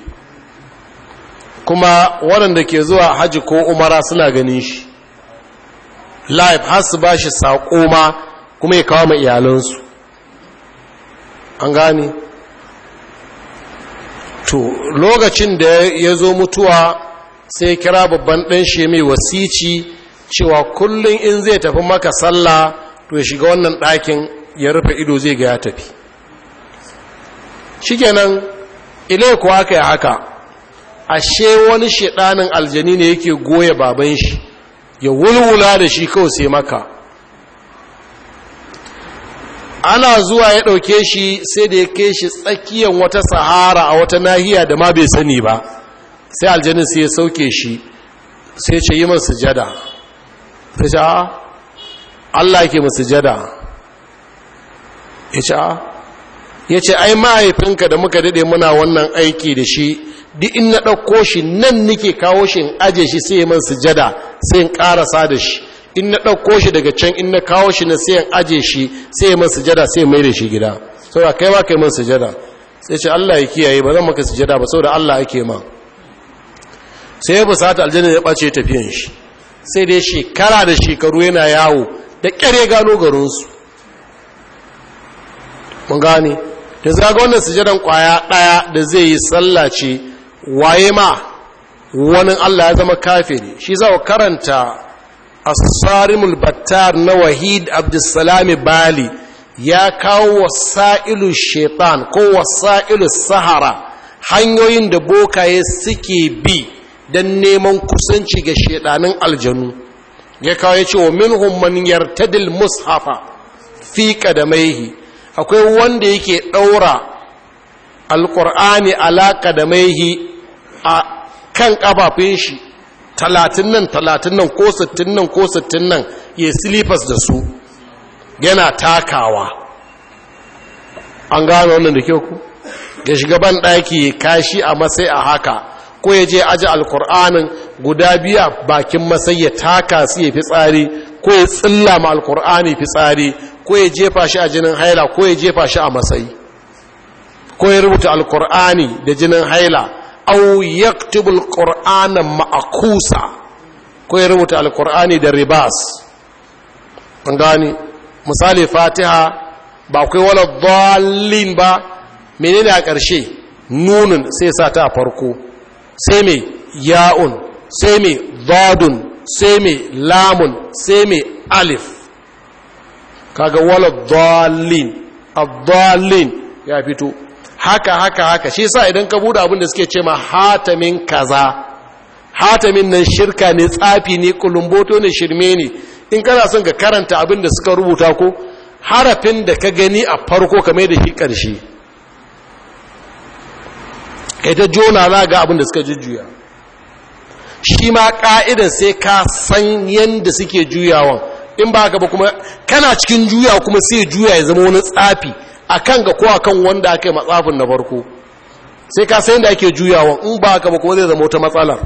kuma waɗanda ke zuwa haji ko umara suna ganin shi Laif har su ba shi saƙo ma kuma ya kawo mai iyalansu an gane to lokacin da ya zo mutuwa sai kira babban ɗan shi mai wasici cewa kullum in zai tafi maka sallah to ya shiga wannan ɗakin ya rufe ido zai ga ya tafi shikenan ile kuwa aka yi haka ashe wani shiɗanin aljani ne yake goya baban shi ya wulwula da shi kawai sai maka ana zuwa ya ɗauke shi sai da ya kai shi tsakiyar wata sahara a wata nahiya da ma bai sani ba sai aljanin sai ya sauke shi sai ce yi masu jada sai ce a Allah ke masu jada ya ce a ya ce ai mahaifinka da muka dade muna wannan aiki da shi duk in na ɗauko shi nan nike kawo shi in aje shi sai masu sujada sai in ƙarasa da shi in na ɗauko shi daga can in na kawo shi na sai in aje shi sai masu sujada sai mai da shi gida Sau da kai ma kai masu sujada sai ce Allah ya kiyaye ba zan maka sujada ba da Allah ake ma sai busata aljanna ya bace tafiyan shi sai dai shekara da shekaru yana yawo da ya gano garinsu mun gane da zaga wannan sujadan ƙwaya ɗaya da zai yi sallaci waye ma wani allah ya zama kafiri shi za ku karanta as-sarimul battar na wahid abdulsalami bali ya kawo wasa'ilu shaitan ko wasa'ilu sahara hanyoyin da bokaye suke bi don neman kusanci ga shedanin aljanu ya kawo ya ce wa yartadil mushafa fi maihi. akwai wanda yake daura alƙur'ani ala maihi a kan kafafun shi talatin nan talatin nan ko sittin nan ko sittin nan ya silifas da su yana takawa an gano wannan da kyau ku ya shiga ban ɗaki kashi a matsayi a haka ko ya je aji alkur'anin guda biya bakin masai ya taka su ya fitsari ko ya tsilla ma alkur'ani fitsari ko ya jefa shi a jinin haila ko ya jefa shi a masai ko ya rubuta alkur'ani da jinin haila au yaktubu alkur'ana ma'akusa ko ya rubuta alkur'ani da ribas gani misali fatiha ba kai wala dhalin ba menene a ƙarshe nunin sai sa ta farko sai mai ya'un sai mai zadun sai mai lamun sai mai alif kaga wala dalin a dalin ya fito haka haka haka shi sa idan ka bude abin da suke ce ma hatamin kaza hatamin nan shirka ne tsafi ne kulumboto ne shirme ne in kana son ka karanta abin da suka rubuta ko harafin da ka gani a farko kamar da shi ƙarshe kai ta jona za ga abin da suka jujjuya shi ma ka'idar sai ka san yadda suke juyawan in ba ka ba kuma kana cikin juya kuma sai juya ya zama wani tsafi a kan ga kowa kan wanda aka yi matsafin na farko sai ka san da ake juyawan in ba ka ba kuma zai zama wata matsalar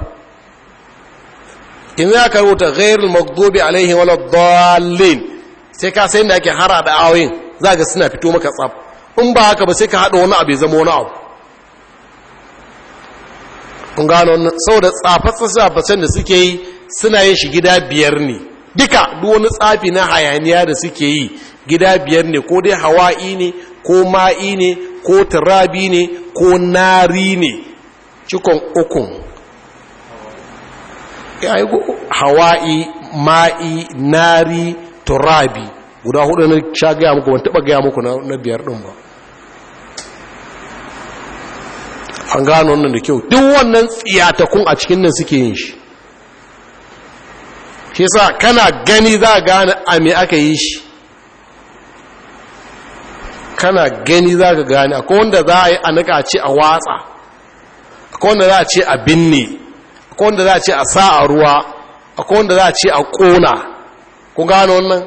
in za ka rubuta gairul magdobi alaihi wala dalil sai ka san da ake hara da awin za ga suna fito maka tsaf in ba ka ba sai ka haɗa wani abu ya zama wani abu kun gano saboda tsafatsa da suke yi suna yin shi gida biyar ne duka duk wani tsafi na hayaniya da suke yi gida biyar ne ko dai hawa'i ne ko ma'i ne ko turabi ne ko nari ne cikon ukun hawa'i ma'i nari turabi guda hudu na sha gaya muku wani taba gaya muku na biyar ɗin ba an gano wannan da kyau duk wannan tsiyatakun a cikin nan suke yin shi shi sa kana gani za a gane a me aka yi shi kana gani za ka gane akwai wanda za a yi a naka ce a watsa akwai wanda za a ce a binne akwai wanda za a ce a sa a ruwa akwai wanda za a ce a ƙona ku gano wannan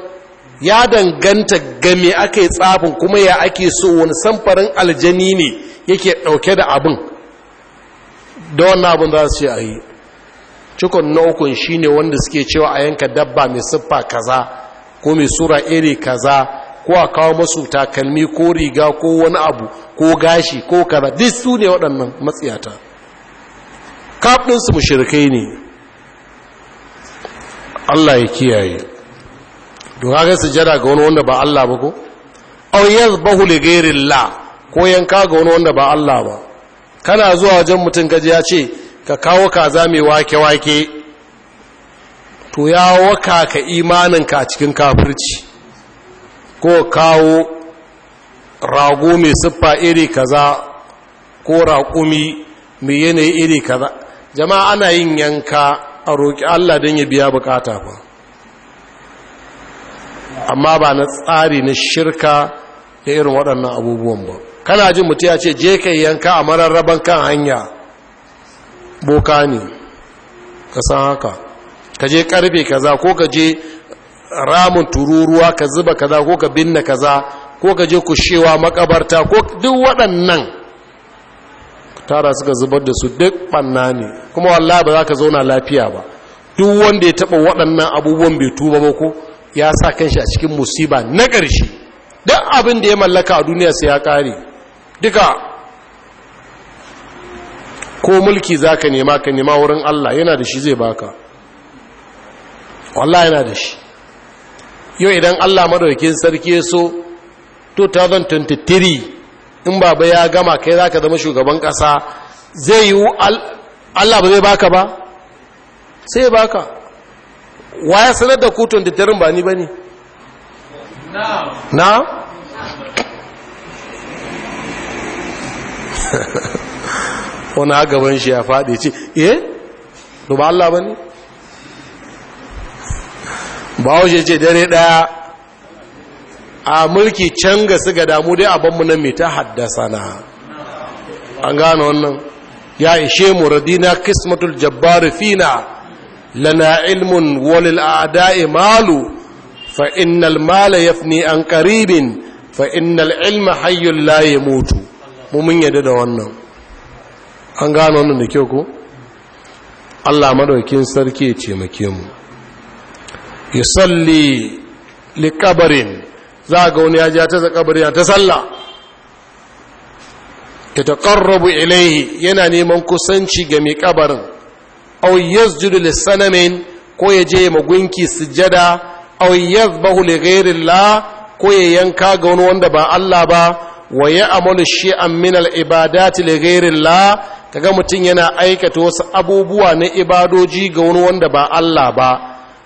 ya danganta game aka yi tsafin kuma ya ake so wani samfarin aljani ne yake ɗauke da abin da wannan abin za su a yi cikon na ukun shi ne wanda suke cewa a yanka dabba mai siffa kaza ko mai sura iri kaza ko a kawo masu takalmi ko riga ko wani abu ko gashi ko kaza duk su ne waɗannan matsiyata kaɗinsu mushirikai ne allah ya kiyaye doka ga jada ga wani wanda ba allah ba ko bahu yazbahu gairin la. ko yanka ga wani wanda ba allah ba kana zuwa wajen mutum gaji ya ce ka kawo kaza mai wake-wake to ya waka ka imaninka a cikin kafirci ko kawo rago mai siffa iri kaza ko raƙumi mai yanayi iri kaza jama'a ana yin yanka a roƙi allah don ya biya bukata ba amma ba na tsari na shirka da irin waɗannan abubuwan ba kana jin mutu ya ce je ka yanka a mararraban kan hanya boka ne ka san haka ka je karfe kaza ko ka je ramin tururuwa ka zuba kaza ko ka binne kaza ko ka je kushewa makabarta ko duk waɗannan tara suka zubar da su duk banna ne kuma wallahi ba za ka zauna lafiya ba duk wanda ya taba waɗannan abubuwan bai tuba ba ko ya sa kanshi a cikin musiba na ƙarshe duk abin da ya mallaka a duniya sai ya ƙare duka ko mulki za ka nema ka nema wurin Allah yana da shi zai baka wallah yana da shi yau idan Allah madaukin sarki ya so 2023 in baba ya gama kai za ka zama shugaban ƙasa zai yi Allah ba zai baka ba sai baka wa ya sanar da ku 23 ba ni ba ne na *laughs* wani agaban shi ya faɗi ce eh to ba Allah ba ne ba waje ce dare ɗaya a mulki can ga su ga damu dai abanmu nan mai haddasa na an gane wannan ya ishe mu radina kismatul jabbar fina lana ilmun walil a'da'i malu fa innal mala yafni an karibin fa innal ilma hayyul la mu mun yadda da wannan an gano wannan da kyau ko Allah madaukin sarki ya ce make mu Ya salli likabarin za ga wani ya ja ta kabari ta sallah ya taqarrabu yana neman kusanci ga mai kabarin aw yasjudu ko ya je ma gunki sujjada bahu yadhbahu li ghairillah ko ya yanka ga wani wanda ba Allah ba wa ya amalu shi'an min al'ibadati li ghairillah kaga mutum yana aikata wasu abubuwa na ibadoji ga wani wanda ba Allah ba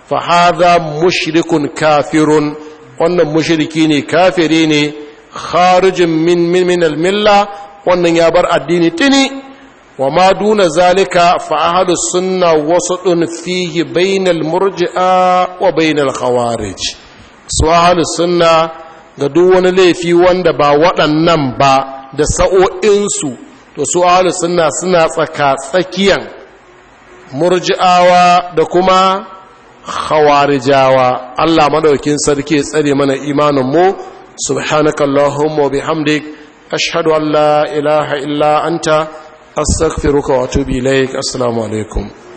fa hadha mushrikun kafirun wannan mushriki ne kafiri ne kharijin min min min milla wannan ya bar addini tini wa ma duna zalika fa ahlu sunna wasatun fihi bainal murji'a wa bainal khawarij su ahlu sunna ga duk wani laifi wanda ba waɗannan ba da sa'o'insu to su ahalus suna suna tsaka tsakiyan murji'awa da kuma khawarijawa Allah madaukin sarki tsare mana imanin mu subhanakallahumma wa bihamdik ashhadu an la ilaha illa anta astaghfiruka wa atubu ilaik assalamu alaikum